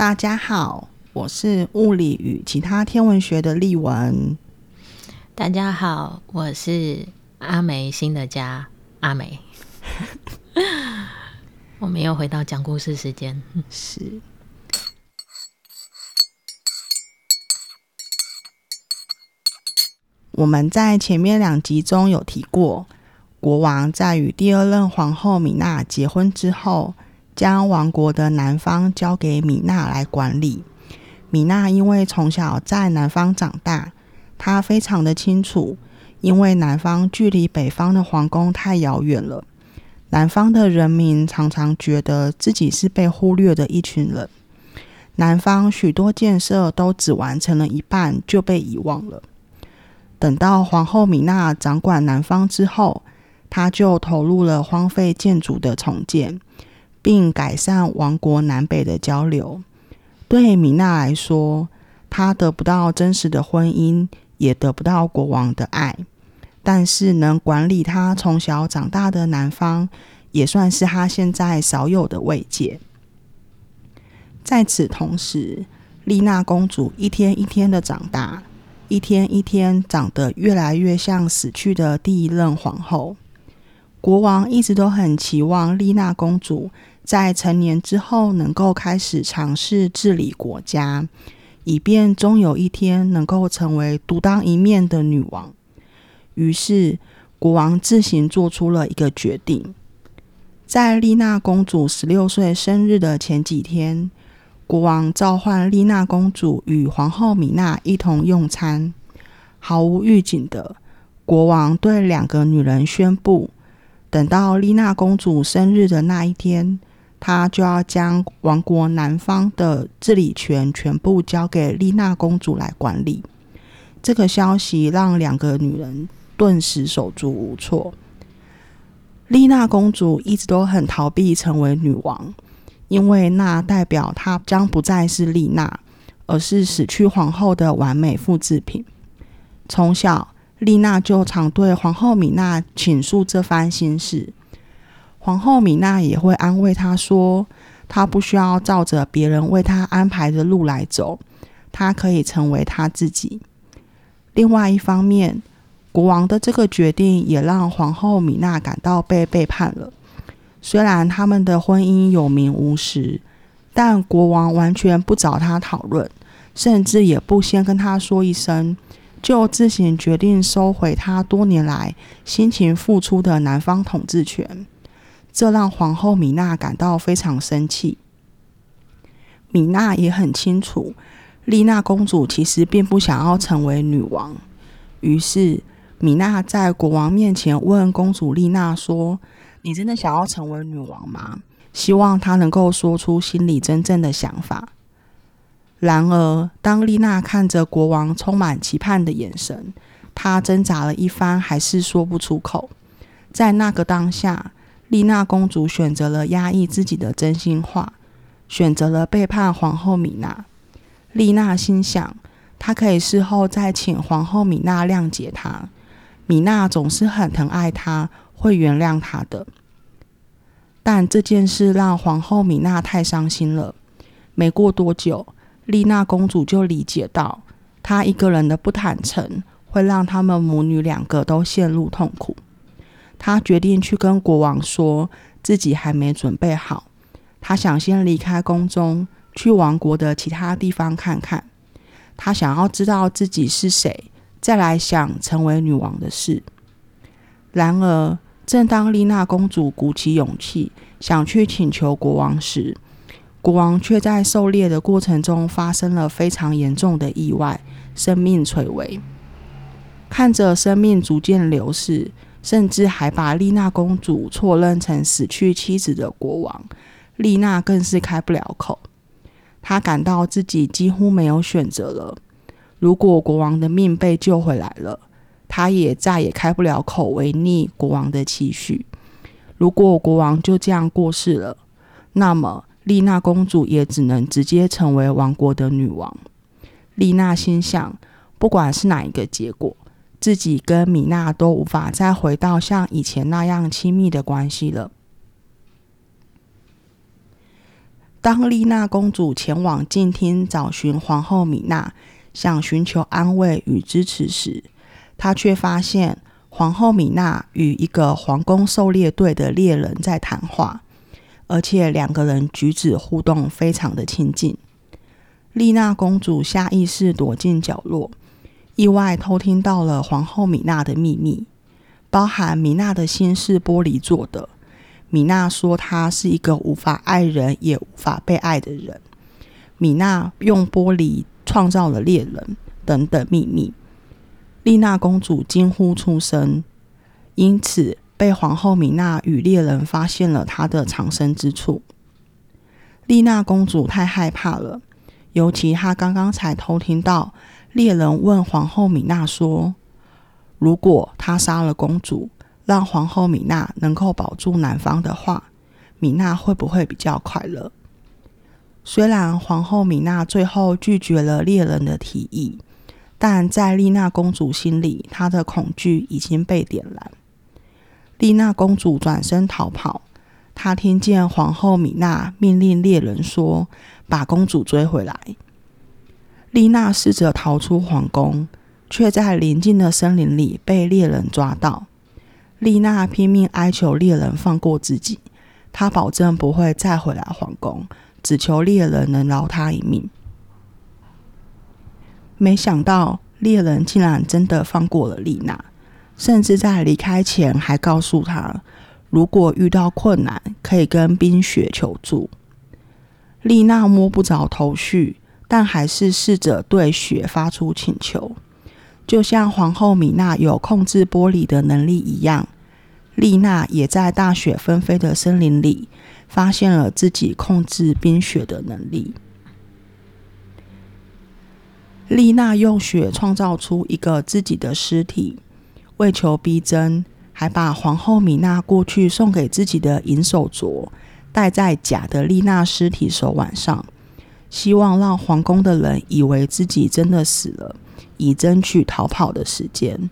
大家好，我是物理與其它天文學的俐文。大家好，我是阿梅心的家阿梅。 我們又回到講故事時間。是。 我們在前面兩集中有提過，國王在與第二任皇後米娜結婚之後。將王國的南方交給米娜來管理。米娜因為從小在南方長大，她非常的清楚，因為南方距離北方的皇宮太遙遠了。南方的人民常常覺得自己是被忽略的一群人。南方許多建設都只完成了一半就被遺忘了。等到皇後米娜掌管南方之後，她就投入了荒廢建築的重建。並改善王國南北的交流。對米娜來說，她得不到真實的婚姻，也得不到國王的愛，但是能管理她從小長大的南方，也算是她現在少有的慰藉。在此同時，麗娜公主一天一天的長大，一天一天長得越來越像死去的第一任皇後。國王一直都很期望麗娜公主在成年之後能夠開始嘗試治理國家，以便終有一天能夠成為獨當一面的女王。於是，國王自行做出了一個決定。在麗娜公主十六歲生日的前幾天，國王召喚麗娜公主與皇後米娜一同用餐。毫無預警的，國王對兩個女人宣布，等到麗娜公主生日的那一天，她就要將王國南方的治理權全部交給麗娜公主來管理。這個消息讓兩個女人頓時手足無措。麗娜公主一直都很逃避成為女王，因為那代表她將不再是麗娜，而是死去皇後的完美複製品。從小，麗娜就常對皇後米娜傾訴這番心事，皇後米娜也會安慰她說：“她不需要照着別人為她安排的路來走，她可以成為她自己。”另外一方面，國王的這個決定也讓皇後米娜感到被背叛了。雖然他們的婚姻有名無實，但國王完全不找她討論，甚至也不先跟她說一聲。就自行決定收回她多年來辛勤付出的南方統治權，這讓皇後米娜感到非常生氣。米娜也很清楚，麗娜公主其實並不想要成為女王。於是，米娜在國王面前問公主麗娜說：“你真的想要成為女王嗎？”希望她能夠說出心裡真正的想法。然而，當麗娜看着國王充滿期盼的眼神，她掙扎了一番，還是說不出口。在那個當下，麗娜公主選擇了壓抑自己的真心話，選擇了背叛皇後米娜。麗娜心想，她可以事後再請皇後米娜諒解她，米娜總是很疼愛她，會原諒她的。但這件事讓皇後米娜太傷心了。沒過多久，麗娜公主就理解到，她一個人的不坦誠會讓他們母女兩個都陷入痛苦。她決定去跟國王說，自己還沒準備好，她想先離開宮中，去王國的其他地方看看。她想要知道自己是誰，再來想成為女王的事。然而，正當麗娜公主鼓起勇氣想去請求國王時，國王卻在狩獵的過程中發生了非常嚴重的意外，生命垂危。看着生命逐漸流逝，甚至還把麗娜公主錯認成死去妻子的國王，麗娜更是開不了口。她感到自己幾乎沒有選擇了。如果國王的命被救回來了，她也再也開不了口違逆國王的期許；如果國王就這樣過世了，那麼……麗娜公主也只能直接成為王國的女王。麗娜心想，不管是哪一個結果，自己跟米娜都無法再回到像以前那樣親密的關係了。當麗娜公主前往禁廳找尋皇後米娜，想尋求安慰與支持時，她卻發現皇後米娜與一個皇宮狩獵隊的獵人在談話。而且兩個人舉止互動非常的親近。麗娜公主下意識躲進角落，意外偷聽到了皇後米娜的祕密，包含米娜的心是玻璃做的。米娜說，她是一個無法愛人，也無法被愛的人。米娜用玻璃創造了戀人，等等祕密。麗娜公主驚呼出聲，因此，被皇後米娜與獵人發現了她的藏身之處，麗娜公主太害怕了。尤其她剛剛才偷聽到獵人問皇後米娜說：“如果他殺了公主，讓皇後米娜能夠保住南方的話，米娜會不會比較快樂？”雖然皇後米娜最後拒絕了獵人的提議，但在麗娜公主心裡，她的恐懼已經被點燃。麗娜公主轉身逃跑，她聽見皇後米娜命令獵人說：“把公主追回來。”麗娜試着逃出皇宮，卻在臨近的森林裡被獵人抓到。麗娜拼命哀求獵人放過自己，她保證不會再回來皇宮，只求獵人能饒她一命。沒想到獵人竟然真的放過了麗娜。甚至在離開前，還告訴她，如果遇到困難，可以跟冰雪求助。麗娜摸不着頭緒，但還是試着對雪發出請求。就像皇後米娜有控制玻璃的能力一樣，麗娜也在大雪紛飛的森林裡，發現了自己控制冰雪的能力。麗娜用雪創造出一個自己的屍體。為求逼真，還把皇後米娜過去送給自己的銀手鐲戴在假的麗娜屍體手腕上，希望讓皇宮的人以為自己真的死了，以爭取逃跑的時間。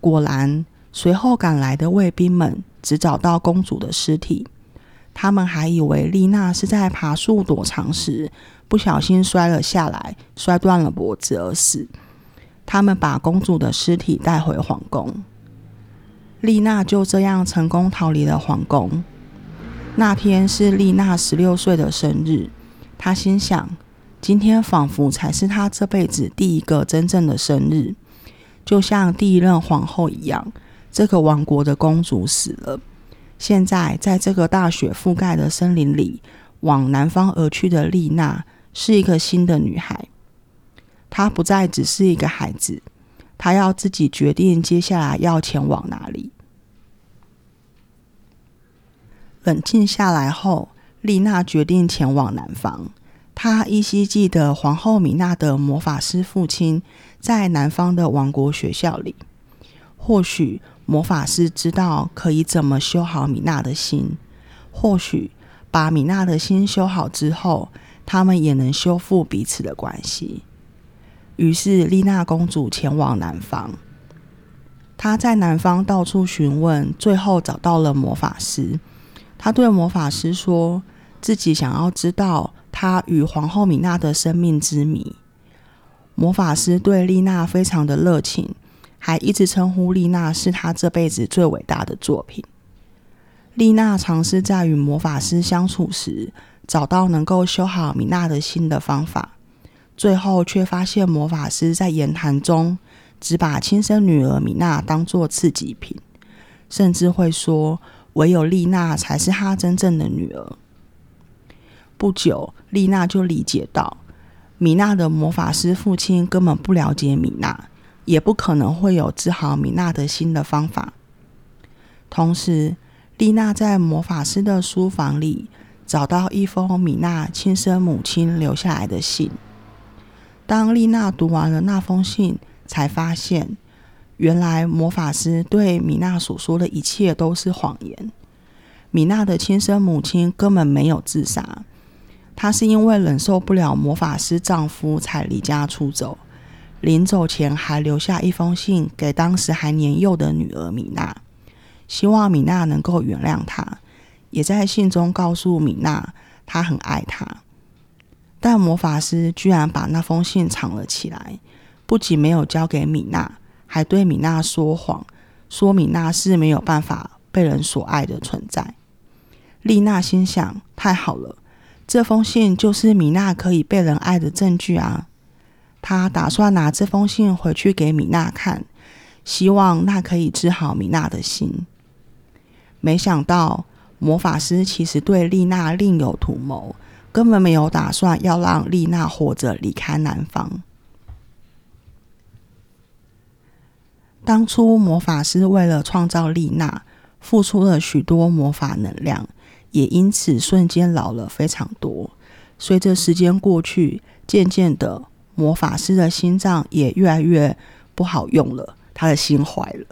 果然，隨後趕來的衛兵們只找到公主的屍體，他們還以為麗娜是在爬樹躲藏時不小心摔了下來，摔斷了脖子而死。他們把公主的屍體帶回皇宮，麗娜就這樣成功逃離了皇宮。那天是麗娜十六歲的生日，她心想，今天仿佛才是她這輩子第一個真正的生日，就像第一任皇後一樣。這個王國的公主死了，現在在這個大雪覆蓋的森林裡，往南方而去的麗娜是一個新的女孩。他不再只是一個孩子，他要自己決定接下來要前往哪裡。冷靜下來後，麗娜決定前往南方。他依稀記得皇後米娜的魔法師父親在南方的王國學校裡，或許魔法師知道可以怎麼修好米娜的心。或許把米娜的心修好之後，他們也能修復彼此的關係。於是，麗娜公主前往南方。她在南方到處詢問，最後找到了魔法師。她對魔法師說：“自己想要知道她與皇後米娜的生命之謎。”魔法師對麗娜非常的熱情，還一直稱呼麗娜是他這輩子最偉大的作品。麗娜嘗試在與魔法師相處時，找到能夠修好米娜的心的方法。最後卻發現，魔法師在言談中只把親生女兒米娜當作次級品，甚至會說：“唯有麗娜才是他真正的女兒。”不久，麗娜就理解到，米娜的魔法師父親根本不了解米娜，也不可能會有治好米娜的心的方法。同時，麗娜在魔法師的書房裡找到一封米娜親生母親留下來的信。當麗娜讀完了那封信，才發現，原來魔法師對米娜所說的一切都是謊言。米娜的親生母親根本沒有自殺，她是因為忍受不了魔法師丈夫才離家出走，臨走前還留下一封信給當時還年幼的女兒米娜，希望米娜能夠原諒她，也在信中告訴米娜她很愛她。但魔法師居然把那封信藏了起來，不僅沒有交給米娜，還對米娜說謊，說米娜是沒有辦法被人所愛的存在。麗娜心想：太好了，這封信就是米娜可以被人愛的證據啊！她打算拿這封信回去給米娜看，希望那可以治好米娜的心。沒想到，魔法師其實對麗娜另有圖謀。根本沒有打算要讓麗娜活着離開南方。當初魔法師為了創造麗娜，付出了許多魔法能量，也因此瞬間老了非常多。隨着時間過去，漸漸的，魔法師的心臟也越來越不好用了，他的心壞了。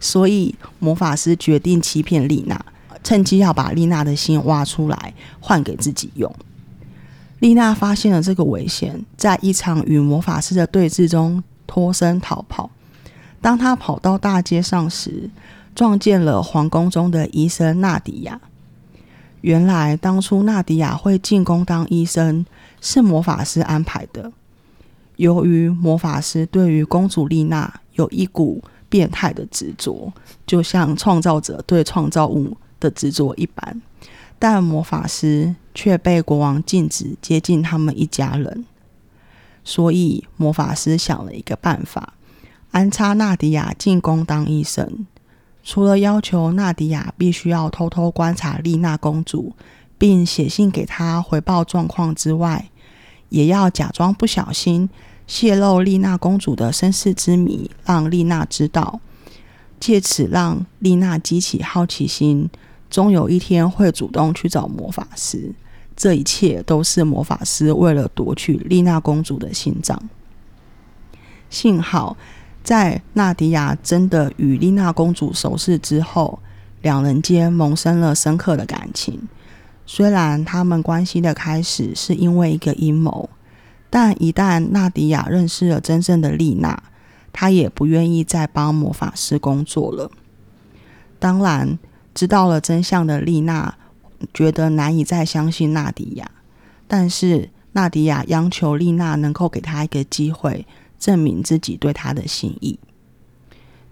所以魔法師決定欺騙麗娜。趁機要把麗娜的心挖出來，換給自己用。麗娜發現了這個危險，在一場與魔法師的對峙中脫身逃跑。當她跑到大街上時，撞見了皇宮中的醫生納迪亞。原來，當初納迪亞會進宮當醫生，是魔法師安排的。由於魔法師對於公主麗娜有一股變態的執着，就像創造者對創造物。的執着一般，但魔法師卻被國王禁止接近他們一家人。所以，魔法師想了一個辦法，安插納迪亞進宮當醫生。除了要求納迪亞必須要偷偷觀察麗娜公主，並寫信給她回報狀況之外，也要假裝不小心洩露麗娜公主的身世之謎，讓麗娜知道，借此讓麗娜激起好奇心。終有一天會主動去找魔法師，這一切都是魔法師為了奪取麗娜公主的心臟。幸好，在納迪亞真的與麗娜公主熟識之後，兩人間萌生了深刻的感情。雖然他們關係的開始是因為一個陰謀，但一旦納迪亞認識了真正的麗娜，她也不願意再幫魔法師工作了。當然。知道了真相的麗娜覺得難以再相信娜迪亞，但是娜迪亞央求麗娜能夠給他一個機會，證明自己對他的心意。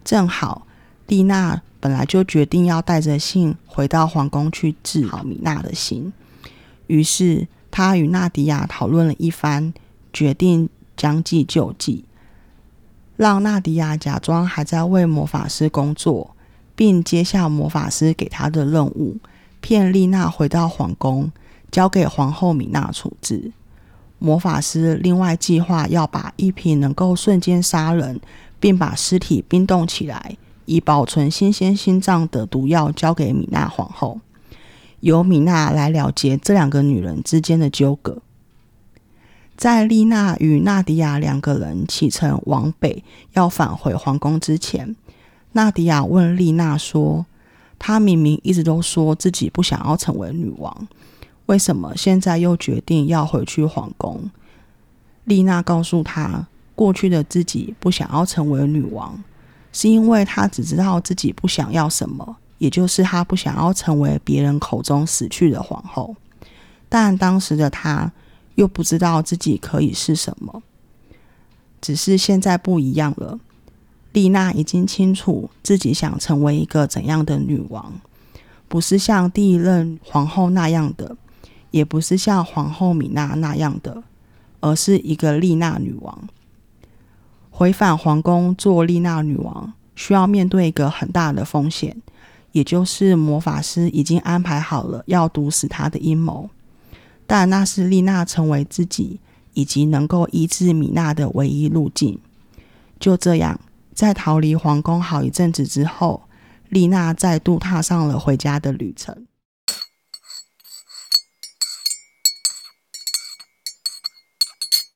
正好麗娜本來就決定要帶着信回到皇宮去治好米娜的心，於是她與娜迪亞討論了一番，決定將計就計，讓娜迪亞假裝還在為魔法師工作。並接下魔法師給他的任務，騙麗娜回到皇宮，交給皇後米娜處置。魔法師另外計劃要把一瓶能夠瞬間殺人，並把屍體冰凍起來，以保存新鮮心臟的毒藥交給米娜皇後，由米娜來了結這兩個女人之間的糾葛。在麗娜與娜迪亞兩個人啟程往北，要返回皇宮之前，娜迪亞問麗娜說：“她明明一直都說自己不想要成為女王，為什麼現在又決定要回去皇宮？”麗娜告訴她：“過去的自己不想要成為女王，是因為她只知道自己不想要什麼，也就是她不想要成為別人口中死去的皇後。但當時的她又不知道自己可以是什麼，只是現在不一樣了。”麗娜已經清楚自己想成為一個怎樣的女王，不是像第一任皇後那樣的，也不是像皇後米娜那樣的，而是一個麗娜女王。回返皇宮做麗娜女王，需要面對一個很大的風險，也就是魔法師已經安排好了要毒死她的陰謀。但那是麗娜成為自己以及能夠醫治米娜的唯一路徑。就這樣。在逃離皇宮好一陣子之後，麗娜再度踏上了回家的旅程。